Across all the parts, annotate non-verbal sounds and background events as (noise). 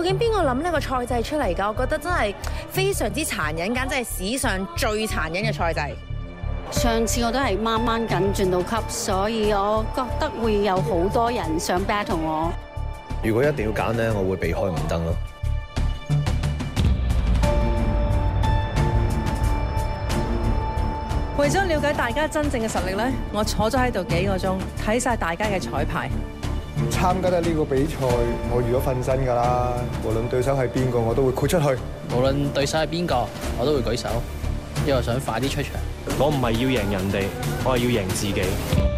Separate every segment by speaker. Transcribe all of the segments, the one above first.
Speaker 1: 究竟邊個諗呢個賽制出嚟㗎？我覺得真係非常之殘忍，簡直係史上最殘忍嘅賽制。上次我都係掹掹緊轉到級，所以我覺得會有好多人想 battle 我。
Speaker 2: 如果一定要揀呢，我會避開五
Speaker 3: 燈咯。
Speaker 4: 為咗了，了解大家真正嘅實力咧，我坐咗喺度幾個鐘，睇晒大家嘅彩排。
Speaker 5: 參加得呢個比賽，我如果瞓身㗎啦。
Speaker 6: 無論對手係邊個，我都會豁出去。無論對手係邊個，我都會舉手，因為我想快啲出場我。我唔係要贏人哋，我係要贏自己。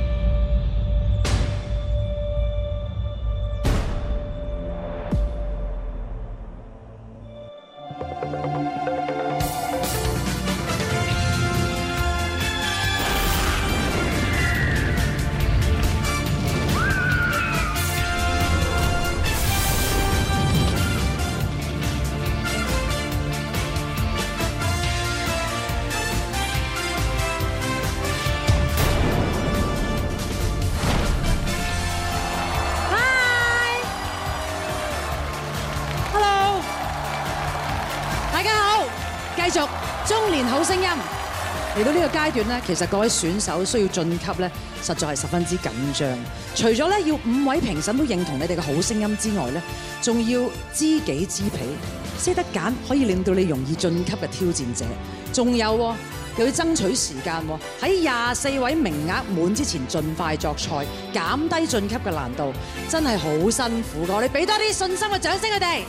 Speaker 4: 段呢，其實各位選手需要晉級咧，實在係十分之緊張。除咗咧要五位評審都認同你哋嘅好聲音之外咧，仲要知己知彼，識得揀可以令到你容易晉級嘅挑戰者還，仲有又要爭取時間喺廿四位名額滿之前盡快作賽，減低晉級嘅難度，真係好辛苦。我哋俾多啲信心嘅掌聲佢哋。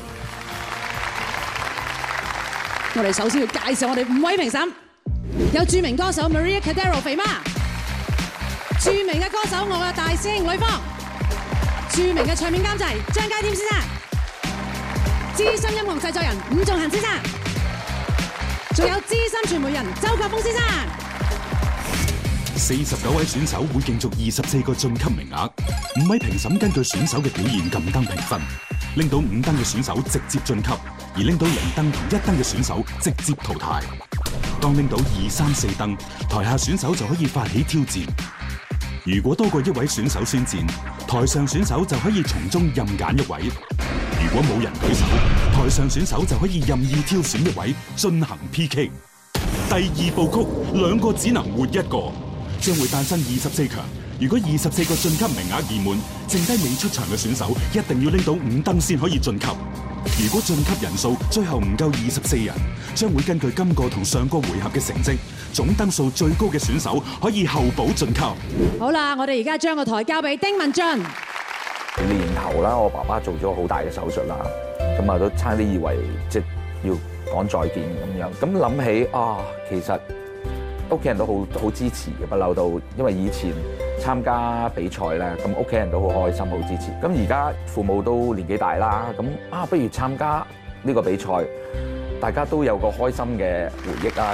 Speaker 4: 我哋首先要介紹我哋五位評審。有著名歌手 Maria Cordero 肥媽，著名嘅歌手我嘅大師兄呂方，著名嘅唱片監製張家添先生，資 (laughs) 深音樂製作人伍仲恒先生，仲 (laughs) 有資深傳媒人周國峰先生。
Speaker 7: 四十九位選手會競逐二十四個晉級名額，五位評審根據選手嘅表現，撳燈評分，令到五燈嘅選手直接晉級，而令到零燈、一燈嘅選手直接淘汰。當拎到二三四燈，台下選手就可以發起挑戰。如果多過一位選手宣戰，台上選手就可以從中任揀一位。如果冇人舉手，台上選手就可以任意挑選一位進行 PK。第二部曲，兩個只能活一個，將會誕生二十四強。如果二十四個晉級名額已滿，剩低，未出場嘅選手一定要拎到五燈先可以晉級。如果晉級人數最後唔夠二十四人，將會根據今個同上個回合嘅成績，總燈數最高嘅選手可以候補晉級。
Speaker 4: 好啦，我哋而家將個台交俾丁文俊。
Speaker 7: 年
Speaker 6: 頭啦，我爸爸做咗好大嘅手術啦，咁啊都差啲以為即要講再見咁樣。咁諗起啊，其實屋企人都好好支持嘅，不嬲都因為以前。參加比賽咧，咁屋企人都好開心，好支持。咁而家父母都年紀大啦，咁啊不如參加呢個比賽，大家都有個開心嘅回憶啊！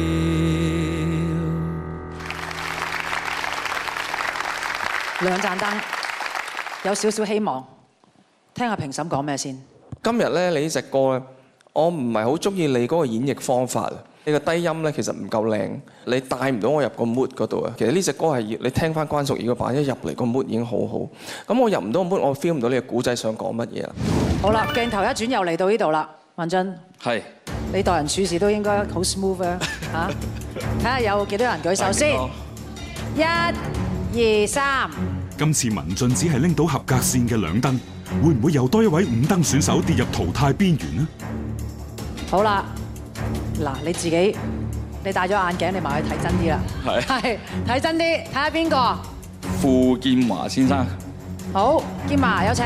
Speaker 4: 兩盞燈，有少少希望。聽下評審講咩先？
Speaker 6: 今日咧，你呢隻歌咧，我唔係好中意你嗰個演繹方法。你個低音咧，其實唔夠靚，你帶唔到我入個 mood 嗰度啊。其實呢隻歌係，你聽翻關淑怡個版，一入嚟個 mood 已經好好。咁我入唔到 mood，我 feel 唔到你個古仔想講乜嘢啦。
Speaker 4: 好啦，鏡頭一轉，又嚟到呢度啦，文俊。係。你待人處事都應該好 smooth 啊？嚇？睇下有幾多人舉手先？一。二三，
Speaker 7: 今次文俊只係拎到合格線嘅兩燈，會唔會又多一位五燈選手跌入淘汰邊緣呢？
Speaker 4: 好啦，嗱，你自己，你戴咗眼鏡，你埋去睇真啲啦。
Speaker 7: 係，
Speaker 4: 係睇真啲，睇下邊個？
Speaker 6: 傅建華先生。
Speaker 4: 好，建華有
Speaker 8: 請。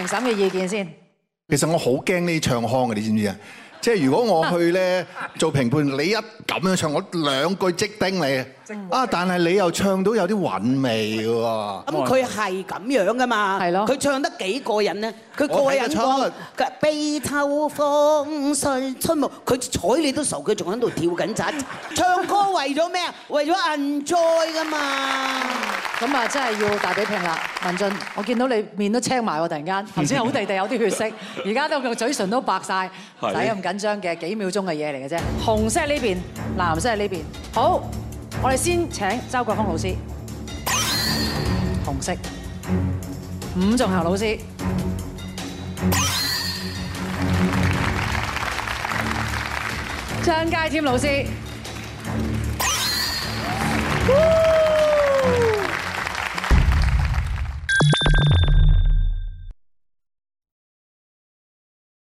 Speaker 5: 評審嘅意見先。其實我好驚呢唱腔嘅，你知唔知啊？即係如果我去咧做評判，你一咁樣唱，我兩句即叮你。啊！但係你又唱到有啲韻味喎。咁佢
Speaker 3: 係咁樣噶嘛？係咯。佢唱得幾過癮咧？佢過癮講悲秋風絮春夢，佢睬你都傻，佢仲喺度跳緊陣。唱歌為咗咩啊？為咗 enjoy 噶嘛。
Speaker 4: 咁啊，真係要大比拼啦，文俊。我見到你面都青埋喎，突然間。頭先好地地有啲血色，而家都個嘴唇都白晒，使唔使？緊張嘅幾秒鐘嘅嘢嚟嘅啫。紅色喺呢邊，藍色喺呢邊。好，我哋先請周國峯老師，紅色，伍仲衡老師，張佳添老師。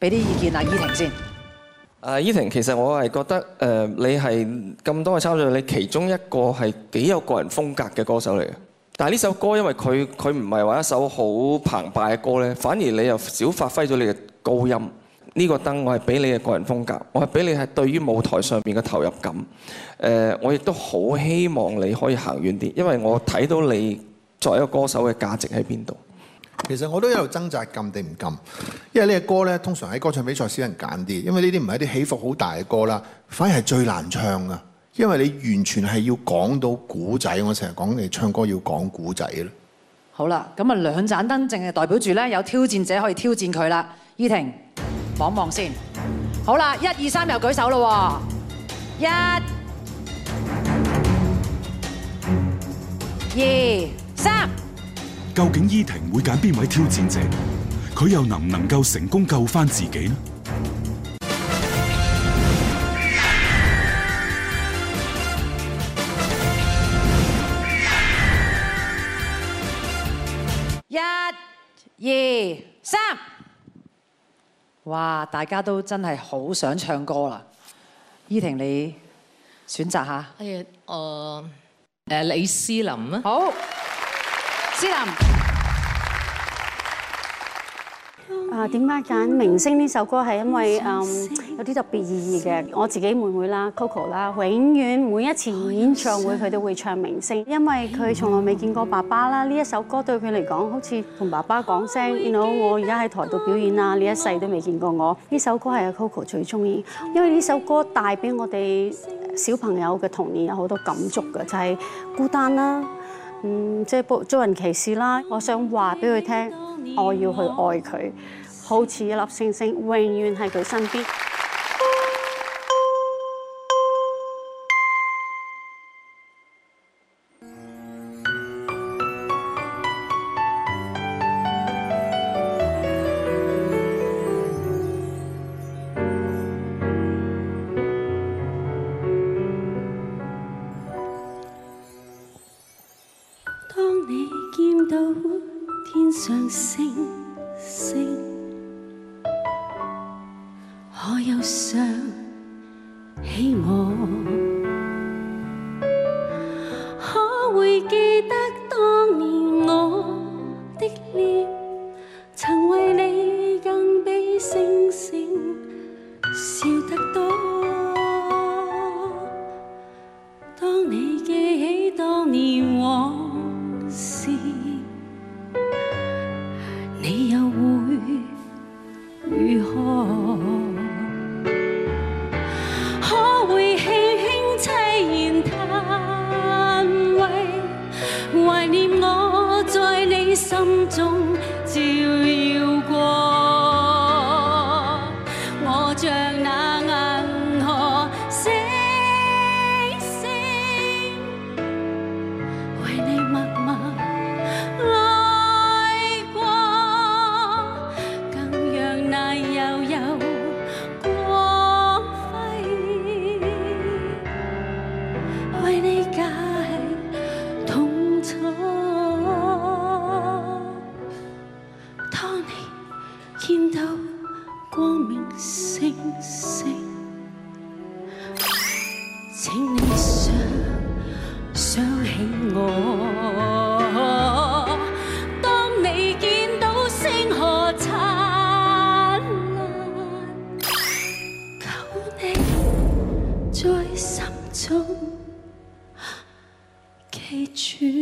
Speaker 4: 俾啲意見啊，依婷先。
Speaker 6: 啊，依婷，其實我係覺得，誒，你係咁多嘅參賽，你其中一個係幾有個人風格嘅歌手嚟嘅。但係呢首歌，因為佢佢唔係話一首好澎湃嘅歌咧，反而你又少發揮咗你嘅高音。呢個燈我係俾你嘅個人風格，我係俾你係對於舞台上面嘅投入感。誒，我亦都好希望你可以行遠啲，因為我睇到你作為一個歌手嘅價值喺邊度。
Speaker 5: 其實我都有掙扎禁定唔禁，因為呢隻歌呢，通常喺歌唱比賽少人揀啲，因為呢啲唔係一啲起伏好大嘅歌啦，反而係最難唱㗎，因為你完全係要講到古仔，我成日講你唱歌要講古仔咧。
Speaker 4: 好啦，咁啊兩盞燈，淨係代表住呢，有挑戰者可以挑戰佢啦。依婷，望望先。好啦，一、二、三，又舉手咯。一、二、三。
Speaker 7: 究竟伊婷會揀邊位挑戰者？佢又能唔能夠成功救返自己呢？
Speaker 4: 一、二、三！哇！大家都真係好想唱歌啦！伊婷，你選擇下。哎呀，我、呃、誒，李
Speaker 1: 思林啦。好。啊，點解揀《明星》呢首歌？係因為嗯有啲特別意義嘅。我自己妹妹啦，Coco 啦，永遠每一次演唱會佢都會唱《明星》，因為佢從來未見過爸爸啦。呢一首歌對佢嚟講好似同爸爸講聲，You know，我而家喺台度表演啦，呢一世都未見過我。呢首歌係 Coco 最中意，因為呢首歌帶俾我哋小朋友嘅童年有好多感觸嘅，就係、是、孤單啦。嗯，即係做人歧視啦！我想話俾佢聽，我要去愛佢，好似一粒星星，永遠喺佢身邊。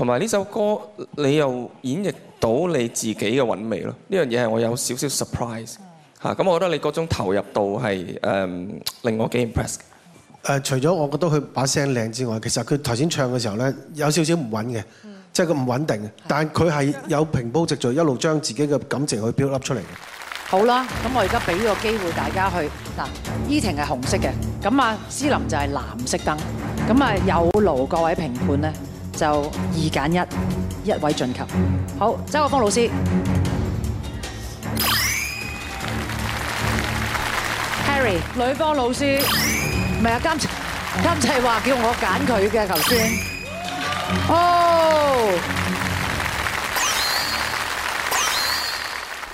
Speaker 6: 同埋呢首歌，你又演繹到你自己嘅韻味咯。呢樣嘢係我有少少 surprise 嚇。咁我覺得你嗰種投入度係誒令我幾 impress。
Speaker 5: 誒，除咗我覺得佢把聲靚之外，其實佢頭先唱嘅時候咧，有少少唔穩嘅，即係佢唔穩定嘅。但係佢係有平鋪直敍，一路將自己嘅感情去 build up 出嚟嘅。
Speaker 4: 好啦，咁我而家俾個機會大家去嗱，依婷係紅色嘅，咁啊，思林就係藍色燈，咁啊，有勞各位評判咧。就二揀一，一位晉級。好，周國峰老師，Harry 呂方老師，唔係啊，監製監製話叫我揀佢嘅頭先。哦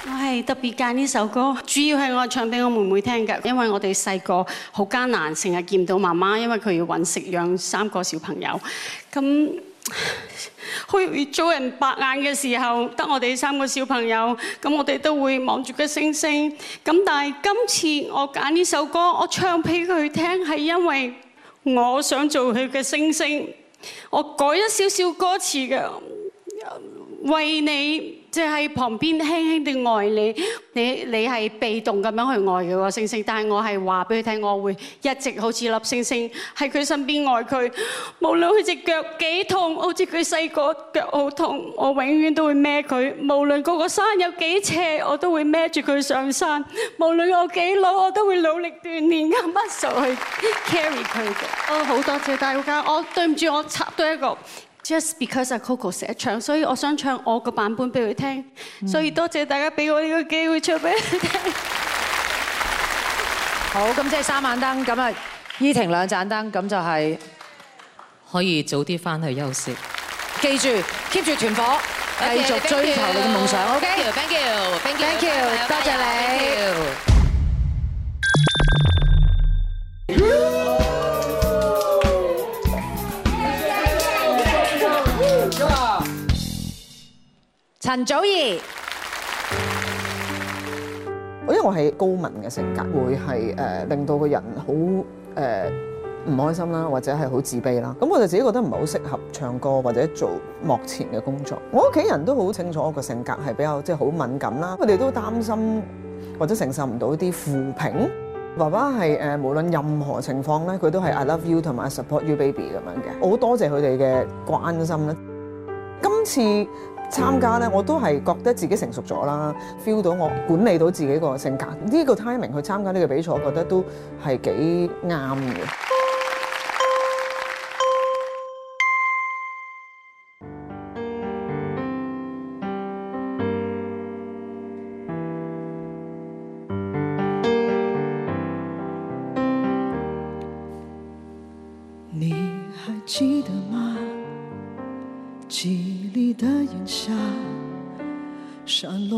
Speaker 9: ，oh.
Speaker 1: 我係特別揀呢首歌，主要係我唱俾我妹妹聽㗎，因為我哋細個好艱難，成日見唔到媽媽，因為佢要揾食養三個小朋友，咁。去 (laughs) 做人白眼嘅時候，得我哋三個小朋友，咁我哋都會望住個星星。咁但係今次我揀呢首歌，我唱俾佢聽，係因為我想做佢嘅星星。我改一少少歌詞嘅，為你。就喺旁邊輕輕地愛你，你你係被動咁樣去愛佢喎，星星。但係我係話俾佢聽，我會一直好似粒星星喺佢身邊愛佢，無論佢隻腳幾痛，好似佢細個腳好痛，我永遠都會孭佢。無論嗰個山有幾斜，我都會孭住佢上山。無論我幾老，我都會努力鍛鍊嘅 muscle 去 carry 佢嘅。哦，好多謝大家。我對唔住，我插多一個。Just because Coco 寫唱，所以我想唱我個版本俾佢聽。所以多謝大家俾我呢個機會唱俾佢聽。好，咁即係三晚燈，咁啊，依婷
Speaker 4: 兩盞燈，咁就係可以早啲翻去休息。記住，keep 住團火，繼續追求你嘅夢想。
Speaker 9: OK，Thank you，Thank you，多謝
Speaker 4: 你。陳早
Speaker 10: 怡，我因為我係高敏嘅性格，會係誒令到個人好誒唔開心啦，或者係好自卑啦。咁我就自己覺得唔係好適合唱歌或者做幕前嘅工作。我屋企人都好清楚我個性格係比較即係好敏感啦，佢哋都擔心或者承受唔到啲負評。爸爸係誒無論任何情況咧，佢都係 I love you 同埋 support you baby 咁樣嘅。我好多謝佢哋嘅關心啦。今次。嗯、參加呢，我都係覺得自己成熟咗啦，feel 到我管理到自己個性格，呢個 timing 去參加呢個比賽，我覺得都係幾啱嘅。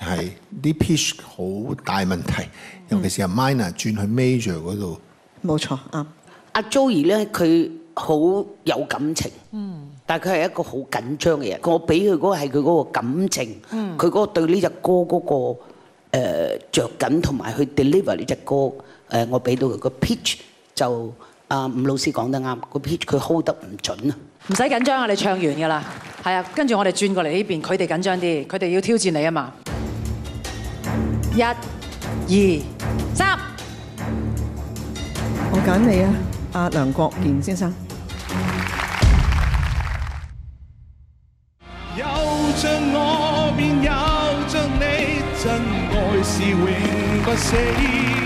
Speaker 5: 係啲 pitch 好大問題，尤其是由 minor 轉去 major 嗰度。
Speaker 3: 冇錯啊，阿 Joey 咧，佢好有感情，嗯，但係佢係一個好緊張嘅人。我俾佢嗰個係佢嗰個感情，嗯，佢嗰個對呢隻歌嗰個誒著緊同埋去 deliver 呢隻歌，誒，我俾到佢個 pitch 就阿吳老師講得啱，個 pitch 佢 hold 得唔準啊！唔使緊
Speaker 4: 張啊，你唱完㗎啦，係啊，跟住我哋轉過嚟呢邊，佢哋緊張啲，佢哋要挑戰你啊嘛。
Speaker 10: 一、二、三，我揀你啊，阿梁國賢先生。
Speaker 11: 有著我，便有著你，真愛是永不死。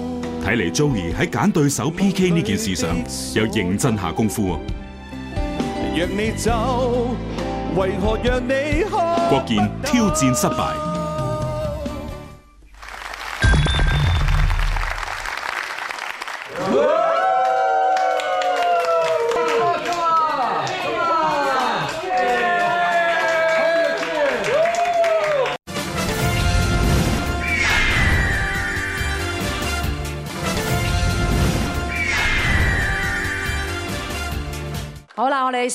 Speaker 7: 睇嚟 Joey 喺揀對手 pk 這件事上又認真一下功夫
Speaker 11: 哦，讓你走
Speaker 7: 為何讓你哭，郭健挑戰失敗。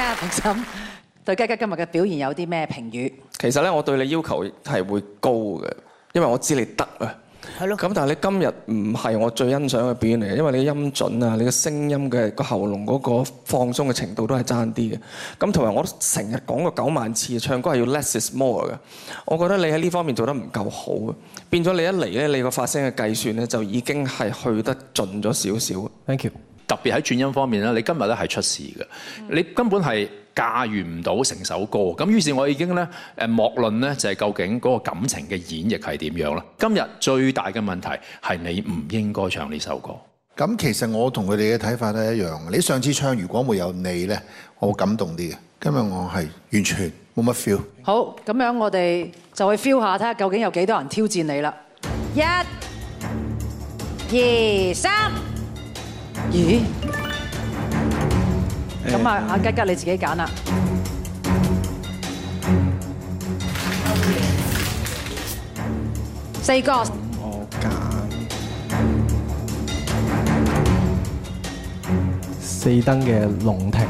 Speaker 4: 阿評審對吉吉今日嘅表現有啲咩評
Speaker 6: 語？其實咧，我對你要求係會高嘅，因為我知你得啊。係咯。咁但係你今日唔係我最欣賞嘅表演嚟，因為你嘅音準啊，你嘅聲音嘅個喉嚨嗰個放鬆嘅程度都係差啲嘅。咁同埋我成日講過九萬次，唱歌係要 less is more 嘅。我覺得你喺呢方面做得唔夠好，變咗你一嚟咧，你個發聲嘅
Speaker 12: 計算咧就已經係去得盡咗少少。Thank you。特別喺轉音方面咧，你今日咧係出事嘅，嗯、你根本係駕馭唔到成首歌。咁於是，我已經咧誒莫論咧，就係究竟嗰個感情嘅演繹係點樣啦。今日最大嘅問題係你唔應該唱呢首歌。
Speaker 5: 咁其實我同佢哋嘅睇法都係一樣。你上次唱如果沒有你呢，我感動啲嘅。今日我係完全冇乜 feel。
Speaker 4: 好，咁樣我哋就去 feel 下，睇下究竟有幾多人挑戰你啦。一、二、三。咦？咁、欸、啊，阿吉吉你自己揀啦，四個。我揀
Speaker 12: 四
Speaker 6: 燈嘅龍庭。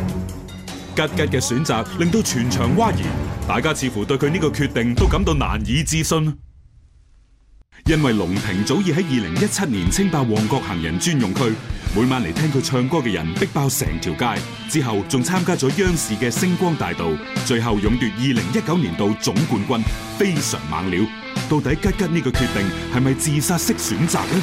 Speaker 7: 吉吉嘅選擇令到全場嘩然，大家似乎對佢呢個決定都感到難以置信。因為龍庭早已喺二零一七年稱霸旺角行人專用區，每晚嚟聽佢唱歌嘅人逼爆成條街，之後仲參加咗央視嘅《星光大道》，最後勇奪二零一九年度總冠軍，非常猛料。到底吉吉呢個決定係咪自殺式選擇呢？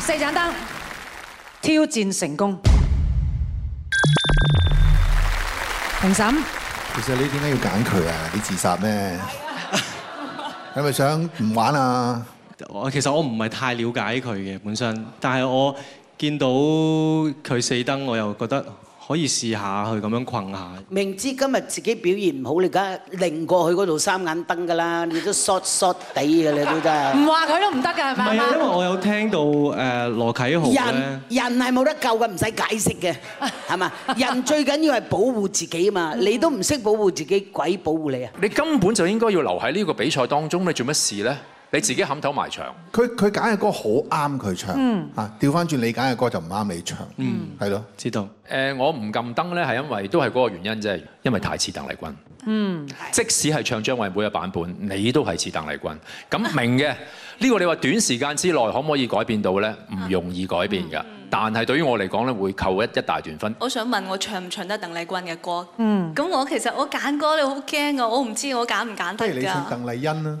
Speaker 4: 四盞燈，挑戰成功。
Speaker 5: 評審，其實你點解要揀佢啊？你自殺咩？係咪想唔玩啊？
Speaker 6: 我其實我唔係太了解佢嘅本身，但係我見到佢四燈，我又覺得。可以試下去咁樣困下。
Speaker 3: 明知今日自己表現唔好，你而家擰過去嗰度三眼燈㗎啦，你都縮縮地嘅你都真係。唔話佢都唔得㗎係嘛？因為我
Speaker 6: 有聽到誒羅啟豪人
Speaker 3: 人係冇得救㗎，唔使解釋嘅係嘛？人最緊要係保護自己啊嘛，你都唔識保護自己，鬼保護你啊！
Speaker 12: 你根本就應該要留喺呢個比賽當中，你做乜事咧？你自己冚頭埋
Speaker 5: 牆。佢佢揀嘅歌好啱佢唱，啊調翻轉你揀嘅歌就唔啱你唱，係、嗯、咯？知道。
Speaker 12: 誒，我唔撳燈咧，係因為都係嗰個原因啫，因為太似鄧麗君。嗯，即使係唱張惠妹嘅版本，你都係似鄧麗君。咁明嘅呢、啊、個，你話短時間之內可唔可以改變到咧？唔容易改變㗎。啊、但係對於我嚟講咧，會扣一一大段分。
Speaker 13: 我想問我唱唔唱得鄧麗君嘅歌？嗯，咁我其實我揀歌你好驚㗎，我唔知我揀唔揀
Speaker 12: 得㗎。即你唱
Speaker 5: 鄧麗欣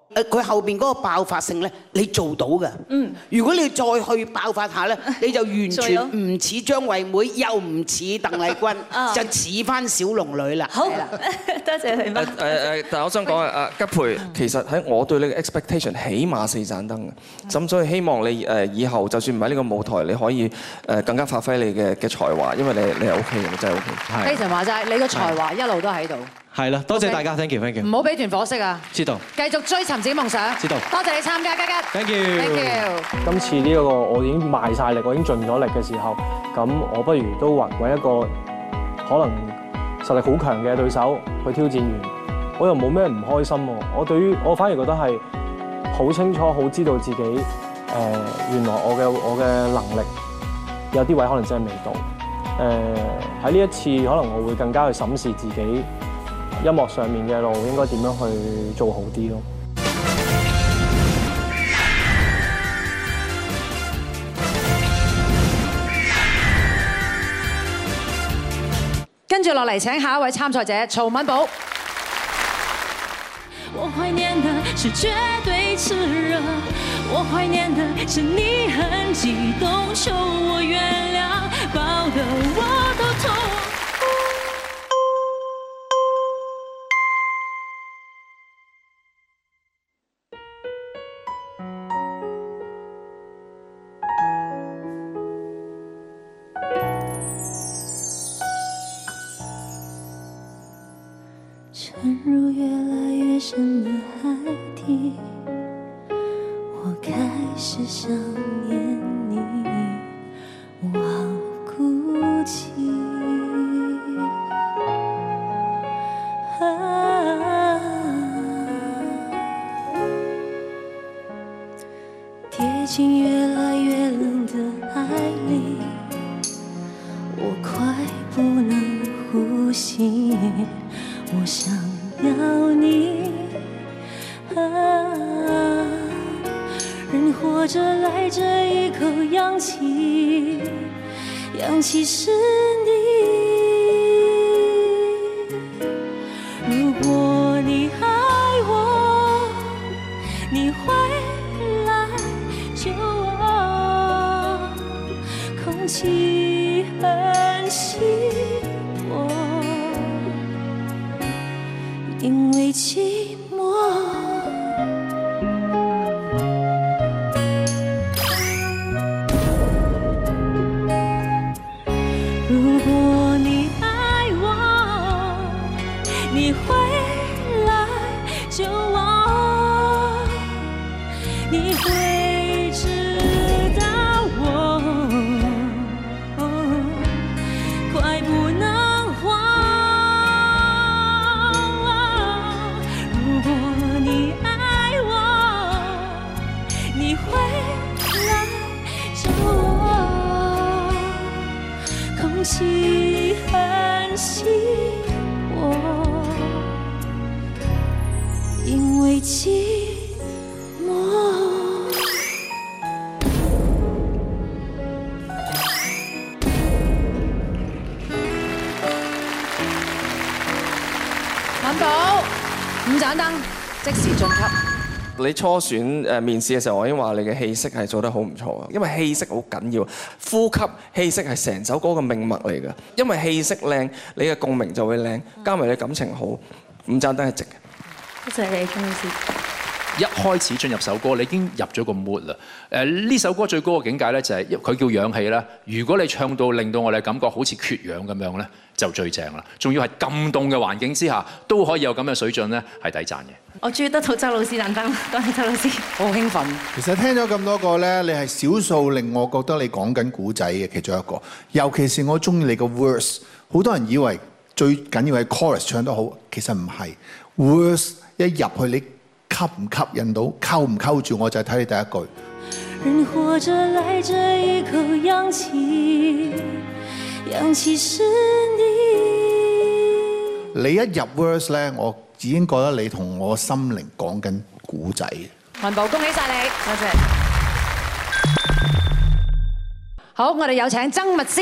Speaker 3: 誒，佢後邊嗰個爆發性咧，你做到㗎。嗯。如果你再去爆發下咧，你就完全唔似張惠妹，又唔似鄧麗君，就似返小龍女啦。好，多謝
Speaker 6: 你。誒誒，但係我想講啊，吉佩，其實喺我對你嘅 expectation 起碼四盞燈嘅。咁所以希望你誒以後就算唔喺呢個舞台，你可以誒更加發揮你嘅嘅才華，因為你你係 OK 嘅，你真係 OK。Jason 話
Speaker 4: 齋，你嘅才華一路都喺度。
Speaker 6: 係啦，多謝大家，thank you，thank you。唔好俾團火熄啊！知道。
Speaker 4: 繼續追尋自己夢想。知道。多謝你參加，嘉嘉、
Speaker 6: 這個。thank you。thank you。今次呢個我已經賣晒力，我已經盡咗力嘅時候，咁我不如都揾一個可能實力好強嘅對手去挑戰完，我又冇咩唔開心。我對於我反而覺得係好清楚，好知道自己原來我嘅我嘅能力有啲位可能真係未到在這。誒喺呢一次可能我會更加去審視自己。音樂上面嘅路應該點樣去做好啲咯？
Speaker 4: 跟住落嚟，請下一位
Speaker 14: 參賽者曹敏寶。
Speaker 6: 初選誒面試嘅時候，我已經話你嘅氣息係做得好唔錯啊！因為氣息好緊要，呼吸氣息係成首歌嘅命脈嚟㗎。因為氣息靚，你嘅共鳴就會靚，加埋你感情好，五盞燈係
Speaker 12: 值嘅。
Speaker 14: 多謝你，張女士。
Speaker 12: 一開始進入首歌，你已經入咗個 mood 啦。誒，呢首歌最高嘅境界咧，就係佢叫氧氣啦。如果你唱到令到我哋感覺好似缺氧咁樣咧，就最正啦。仲要係咁凍嘅環境之下，都可以有咁嘅水準咧，係抵讚嘅。
Speaker 4: 我終於得到周老師盞燈，多謝周老師，好興奮。
Speaker 5: 其實聽咗咁多個咧，你係少數令我覺得你講緊古仔嘅其中一個，尤其是我中意你嘅 verse。好多人以為最緊要係 chorus 唱得好，其實唔係 verse 一入去你。吸唔吸引到，扣唔扣住，我就係睇你第一句。
Speaker 14: 人活著來這一口氧氣，
Speaker 5: 氧氣是你，你一入 verse 咧，我已經覺得你同我心靈講緊古仔。
Speaker 4: 敏寶，恭喜晒你，多謝，謝。好，我哋有請曾密斯。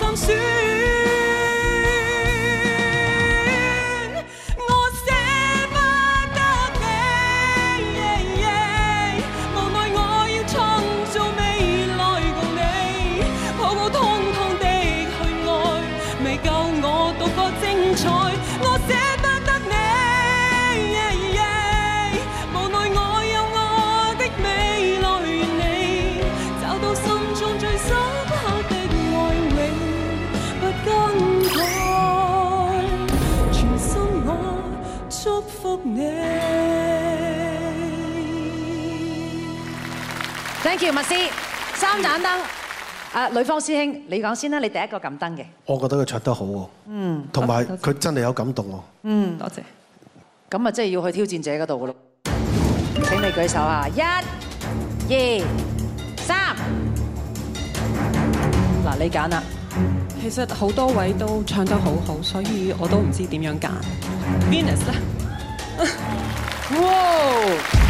Speaker 4: 叫麥斯三盞燈。誒，呂方師兄，你講先啦，你第一個撳燈嘅。
Speaker 5: 我覺得佢唱得好喎。嗯，
Speaker 4: 同埋佢
Speaker 5: 真係有感動喎。嗯，多謝，謝。
Speaker 4: 咁啊，即係要去挑戰者嗰度嘅
Speaker 2: 咯。請你舉手啊！
Speaker 4: 一、二、三。
Speaker 2: 嗱，你揀啦。其實好多位都唱得好好，所以我都唔知點樣揀。Venus。 (laughs) 哇！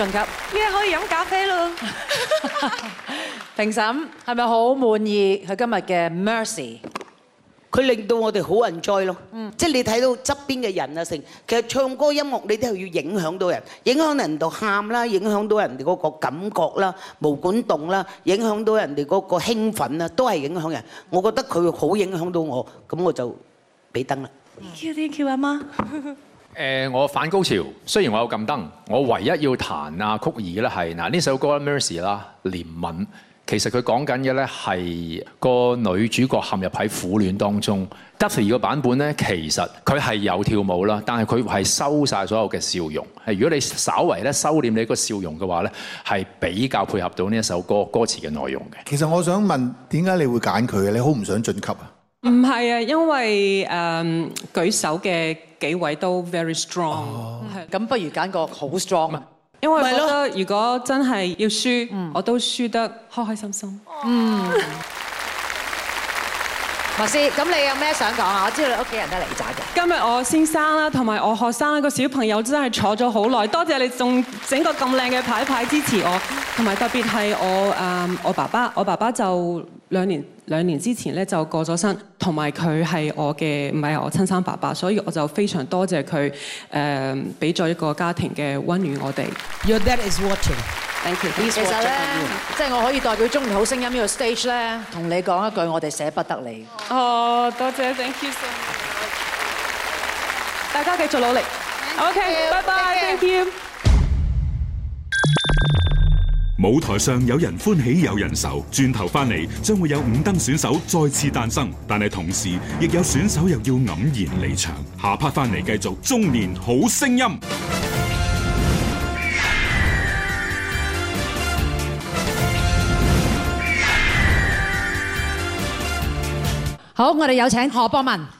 Speaker 2: 晉級，依家可以飲咖啡咯。
Speaker 4: 評審係咪好滿意佢今日嘅 Mercy？
Speaker 3: 佢令到我哋好 enjoy 咯。嗯，即係你睇到側邊嘅人啊，成其實唱歌音樂你都係要影響到人，影響人度喊啦，影響到人哋嗰個感覺啦，毛管動啦，影響到人哋嗰個興奮啊，都係影響人。我覺得佢好影響到我，咁我就俾燈啦。
Speaker 15: Thank you，Thank you，阿媽。
Speaker 12: 誒、呃，我反高潮。雖然我有撳燈，我唯一要彈啊曲兒咧係嗱，呢首歌《Mercy》啦，《憐憫》。其實佢講緊嘅咧係個女主角陷入喺苦戀當中。W、嗯、個版本咧，其實佢係有跳舞啦，但係佢係收晒所有嘅笑容。係如果你稍為咧收斂你個笑容嘅話咧，係比較配合到
Speaker 5: 呢一首歌歌詞嘅內容嘅。其實我想問，點解你會揀佢嘅？你好唔想進級啊？
Speaker 2: 唔係啊，因為誒、呃、舉手嘅。幾位都 very strong，咁，哦、不如揀個好 strong。因為覺得如果真係要輸，我都輸得開開心心。嗯，華、嗯、師，
Speaker 4: 咁 (laughs) 你有咩想講啊？我知道你屋企人都嚟曬嘅。
Speaker 2: 今日我先生啦，同埋我學生個小朋友真係坐咗好耐，多謝，謝你仲整個咁靚嘅牌牌支持我，同埋特別係我誒我爸爸，我爸爸就兩年。兩年之前咧就過咗身，同埋佢係我嘅唔係我，我，我親生爸爸，所以我就非常多謝佢誒俾咗一個家庭嘅溫暖我哋。Your dad is watching. Thank you. Watch 其實咧，
Speaker 4: 即係我可以代表中年好聲音呢個 stage 咧，同你講一句，我哋捨不得你。
Speaker 2: 哦，多謝，Thank you so much。大家繼續努力。OK 拜拜。thank you，okay。
Speaker 7: 舞台上有人歡喜有人愁，轉頭翻嚟將會有五燈選手再次誕生，但係同時亦有選手又要黯然離場。下 part 翻嚟繼續中年好聲音。
Speaker 4: 好，我哋有請何博文。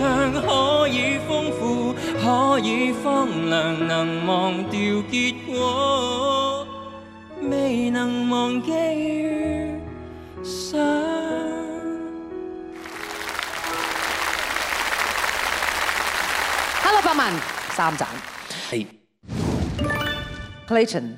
Speaker 16: 尚可以豐富，可以荒涼，能忘掉結果，未能忘記於想。
Speaker 4: Hello，博文三盞。係。Clayton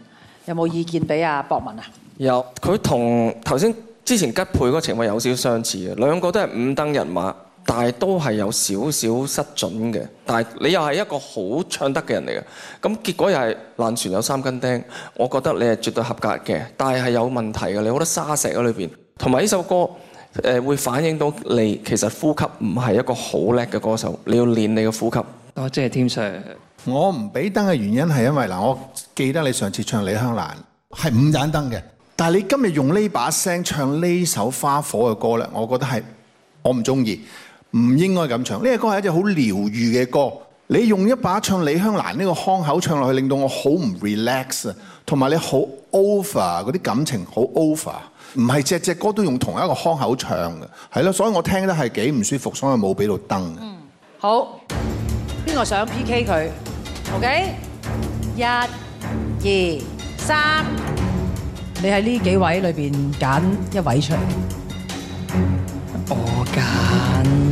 Speaker 4: 有冇意見俾阿博文啊？
Speaker 6: 有，佢同頭先之前吉佩嗰個情況有少少相似嘅，兩個都係五燈人馬。但係都係有少少失準嘅。但係你又係一個好唱得嘅人嚟嘅，咁結果又係爛船有三根釘。我覺得你係絕對合格嘅，但係係有問題嘅。你好多沙石喺裏邊，同埋呢首歌誒，會反映到你其實呼吸唔係一個好叻嘅歌
Speaker 5: 手，你要練你嘅呼吸。多謝 Tim Sir。我唔俾燈嘅原因係因為嗱，我記得你上次唱李香蘭係五盞燈嘅，但係你今日用呢把聲唱呢首花火嘅歌咧，我覺得係我唔中意。唔應該咁唱，呢隻歌係一隻好療愈嘅歌。你用一把唱李香蘭呢個腔口唱落去，令到我好唔 relax，同埋你好 over 嗰啲感情好 over。唔係隻隻歌都用同一個腔口唱嘅，係咯。所以我聽得係幾唔舒服，所以冇俾到燈。嗯。
Speaker 4: 好，邊個想 PK 佢？OK，一、二、三，你喺呢幾位裏邊揀一位
Speaker 16: 出嚟。我揀。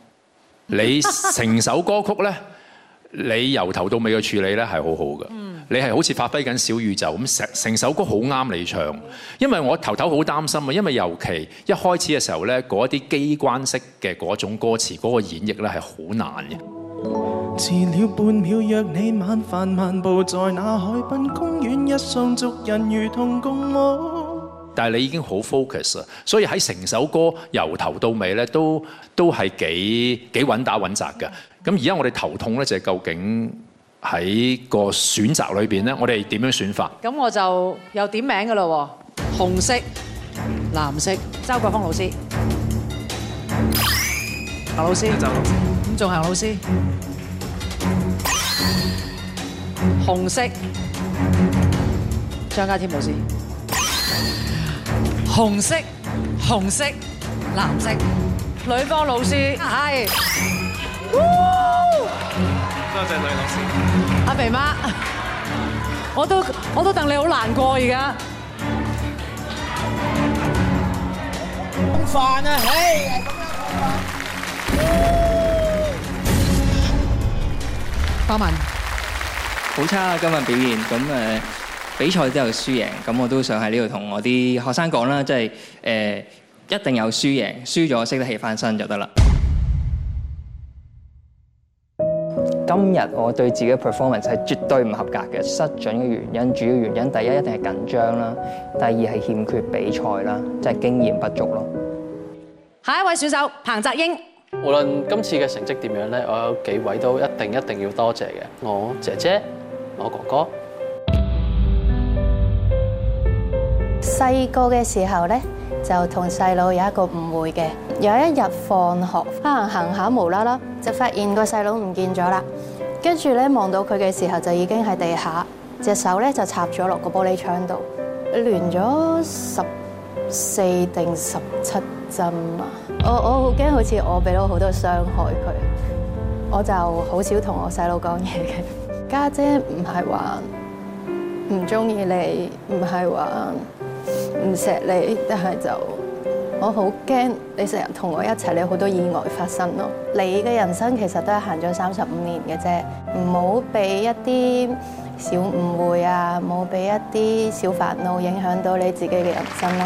Speaker 12: (laughs) 你成首歌曲呢，你由頭到尾嘅處理呢係好、mm. 好嘅，你係好似發揮緊小宇宙咁，成成首歌好啱你唱。因為我頭頭好擔心啊，因為尤其一開始嘅時候呢，嗰啲機關式嘅嗰種歌詞嗰、嗰個演繹呢係好難
Speaker 11: 嘅。遲了半秒
Speaker 12: 但係你已經好 focus 啊！所以喺成首歌由頭到尾咧，都都係幾幾穩打穩紮嘅。咁而家我哋頭痛咧，就係究竟喺個選擇裏邊咧，我哋點樣選法？
Speaker 4: 咁我就又點名嘅咯，紅色、藍色，周國峰老師，
Speaker 12: 劉老師，
Speaker 4: 咁仲係老師，紅色，張家添老師。紅色、紅色、藍色，女方老師係，多謝女
Speaker 11: 老師。
Speaker 4: 阿肥媽，我都我都戥你好難過而家。
Speaker 3: 好煩啊！唉，係咁
Speaker 4: 樣。阿文，
Speaker 16: 好差啊！今日表現咁誒。比賽都有輸贏，咁我都想喺呢度同我啲學生講啦，即係誒一定有輸贏，輸咗識得起翻身就得啦。今日我對自己嘅 performance 係絕對唔合格嘅，失準嘅原因，主要原因第一一定係緊張啦，第二係欠缺比賽啦，即係經驗不足咯。
Speaker 4: 下一位選手彭澤英，
Speaker 12: 無論今次嘅成績點樣呢，我有幾位都一定一定要多謝嘅，我姐姐，我哥哥。
Speaker 1: 細個嘅時候咧，就同細佬有一個誤會嘅。有一日放學，返行行下無啦啦，就發現個細佬唔見咗啦。跟住咧望到佢嘅時候，就已經喺地下，隻手咧就插咗落個玻璃窗度，連咗十四定十七針啊！我我好驚，好似我俾到好多傷害佢，我就好少同我細佬講嘢嘅。家姐唔係話唔中意你，唔係話。唔錫你，但係就我好驚你成日同我一齊，你好多意外發生咯。你嘅人生其實都係行咗三十五年嘅啫，唔好俾一啲小誤會啊，唔好俾一啲小煩惱影響到你自己嘅人生咯。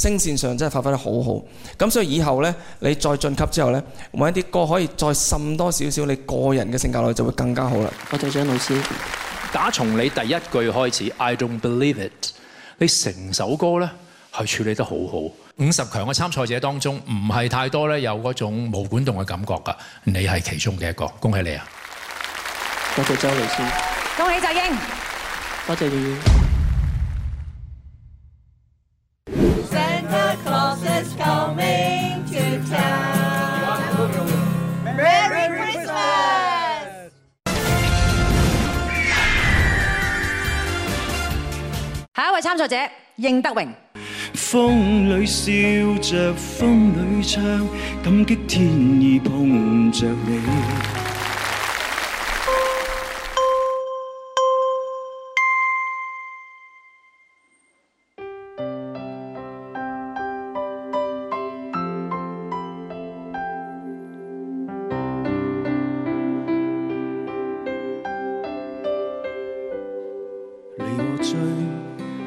Speaker 6: 聲線上真係發揮得好好，咁所以以後呢，你再晉級之後呢，每一啲歌可以再滲多少少你個人嘅性格落去，就會更加好啦。多謝張老師。
Speaker 12: 打從你第一句開始，I don't believe it，你成首歌呢，係處理得好好。五十強嘅參賽者當中，唔係太多呢，有嗰種無管動嘅感覺㗎，你係其中嘅一個，恭喜你啊！多謝周老師。
Speaker 4: 恭喜澤英。
Speaker 9: 多謝你。
Speaker 4: 下一位參賽者，應德榮。
Speaker 11: 風裡笑著風裡唱，感激天意碰著你。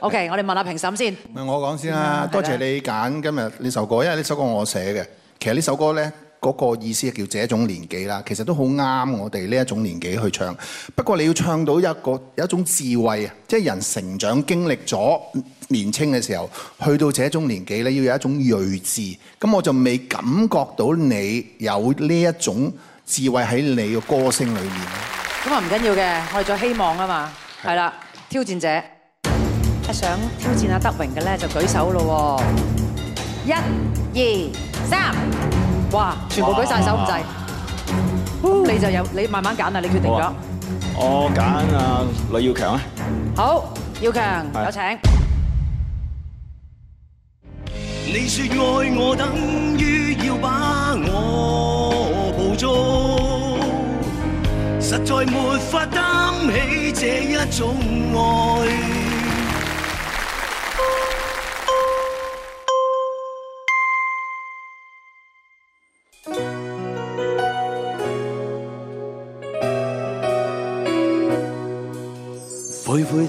Speaker 4: OK，我哋問下評審先
Speaker 5: 說。我講先啦，多謝你揀今日呢首歌，因為呢首歌我寫嘅。其實呢首歌呢，嗰個意思係叫這種年紀啦，其實都好啱我哋呢一種年紀去唱。不過你要唱到一個有一種智慧啊，即係人成長經歷咗年青嘅時候，去到這種年紀呢，要有一種睿智。咁我就未感覺到你有呢一種智慧喺你嘅歌聲裏面。
Speaker 4: 咁啊唔緊要嘅，我哋再希望啊嘛，係啦，挑戰者。想挑戰阿德榮嘅咧，就舉手咯。一、二、三，哇，全部舉晒手唔制。咁你就有你慢慢揀啦，你決定咗。
Speaker 6: 我揀阿呂耀強啊。
Speaker 4: 好，耀
Speaker 17: 強有請。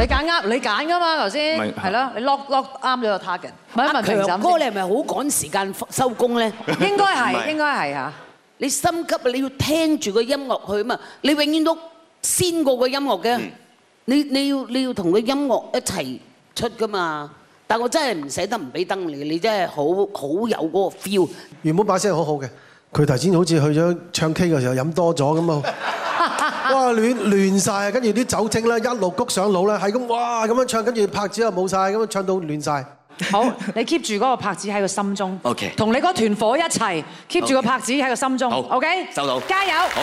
Speaker 4: 你揀啱，你揀噶嘛？頭先係咯，你 lock lock 啱咗個 target。問問平審哥，你係咪好趕時
Speaker 3: 間收工咧？應該係，應該係啊。你心急，你要聽住個音樂去嘛？你永遠都先過個音樂嘅。你你要你要同個音樂一齊出噶嘛？但我真係唔捨得唔俾燈你，你真係好好
Speaker 5: 有嗰個 feel。原本把聲係好好嘅，佢頭先好似去咗唱 K 嘅時候飲多咗咁啊！哇！亂亂曬，跟住啲酒精咧一路谷上腦咧，係咁哇咁樣唱，跟住拍子又冇曬，咁樣唱到亂曬。
Speaker 4: 好，你 keep 住嗰個拍子喺個心中。OK，同你嗰團火一齊 keep 住個拍子喺個心中。OK，收到，加油。好，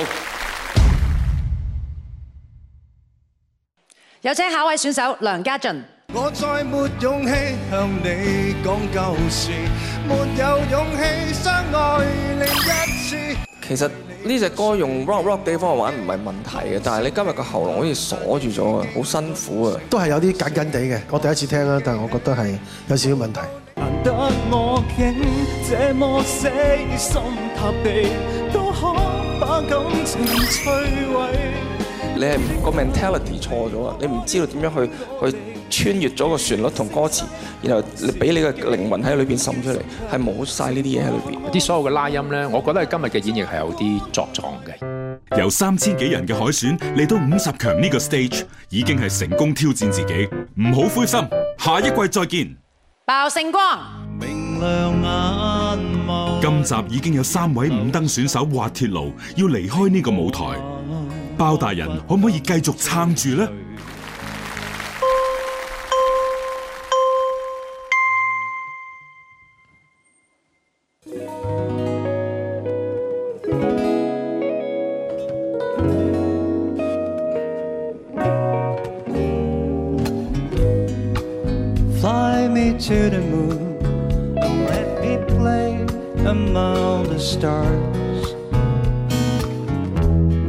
Speaker 4: 有請下一位選手梁家俊。
Speaker 18: 我再沒勇氣向你講舊事，沒有勇氣相愛另一次。
Speaker 6: 其實呢隻歌用 rock rock 地地方玩唔係問題嘅，但係你今日個喉嚨好似鎖住咗啊，好辛苦啊，
Speaker 5: 都係有啲緊緊地嘅。我第一次聽啦，但係我覺得係有
Speaker 6: 少
Speaker 11: 少問題。 (music)
Speaker 6: 你係個 mentality 錯咗啊！你唔知道點樣去去
Speaker 12: 穿越咗個旋律同歌詞，然後你俾你嘅靈魂喺裏邊滲出嚟，係冇
Speaker 7: 曬呢啲嘢喺裏邊。啲所有嘅拉音咧，我覺得今日嘅演繹係有啲作狀嘅。由三千幾人嘅海選嚟到五十強呢個 stage，已經係成功挑戰自己，唔好灰心，下一季再見。
Speaker 4: 爆星光！
Speaker 7: 明亮眼眸。今集已經有三位五燈選手滑鐵盧，要離開呢個舞台。包大人可唔可以繼續撐住
Speaker 18: 呢？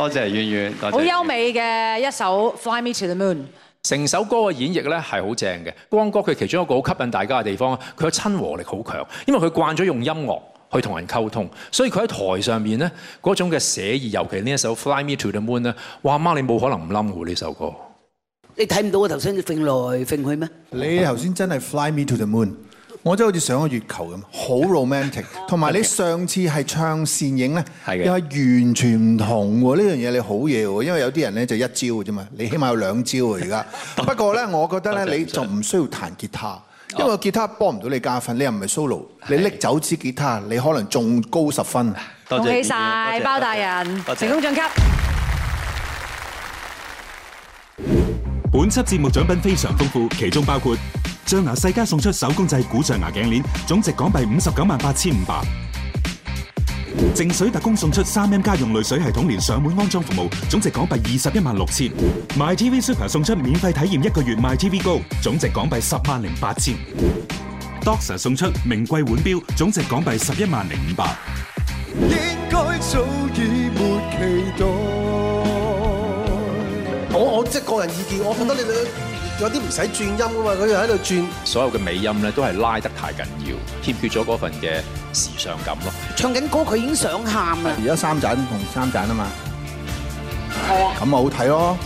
Speaker 12: 多謝婉婉，好優
Speaker 4: 美嘅一首《Fly Me To The Moon》。
Speaker 12: 成首歌嘅演繹咧係好正嘅。光哥佢其中一個好吸引大家嘅地方，佢嘅親和力好強，因為佢慣咗用音樂去同人溝通，所以佢喺台上面咧嗰種嘅寫意，尤其呢一首《Fly Me To The Moon》咧，哇媽你冇可能唔冧我呢首歌
Speaker 5: 你。你睇唔到我頭先揈來揈去咩？你頭先真係《Fly Me To The Moon》。我真係好似上個月球咁，好 romantic。同 (laughs) 埋你上次係唱線影咧，又係完全唔同喎。呢樣嘢你好嘢喎，因為有啲人咧就一招嘅啫嘛，你起碼有兩招啊而家。 (laughs) 不過咧，我覺得咧 (laughs) 你就唔需要彈結他， (laughs) 因為結他幫唔到你加分。你又唔係 solo， (laughs) 你拎走支結他，你可能仲高十分謝謝。恭喜晒包
Speaker 4: 大人，謝謝謝謝成功晉級。
Speaker 7: 本輯節目獎品非常豐富，其中包括。象牙世家送出手工製古象牙頸鏈，總值港幣五十九萬八千五百。淨水特工送出三 M 家用濾水系統連上門安裝服務，總值港幣二十一萬六千。MyTV Super 送出免費體驗一個月 MyTV Go，總值港幣十萬零八千。Doxa 送出名貴腕錶，總值港幣十一萬零五百。
Speaker 5: 應該早已沒期待我。我我即係個人意見，我覺得你兩。有啲唔使轉音㗎嘛，佢又
Speaker 12: 喺度轉。所有嘅尾音咧都係拉得太緊要，欠缺咗嗰份嘅時尚
Speaker 5: 感咯。唱緊歌佢已經想喊啦。而家三盞同三盞啊嘛，
Speaker 1: 係
Speaker 5: 啊，咁咪好睇咯。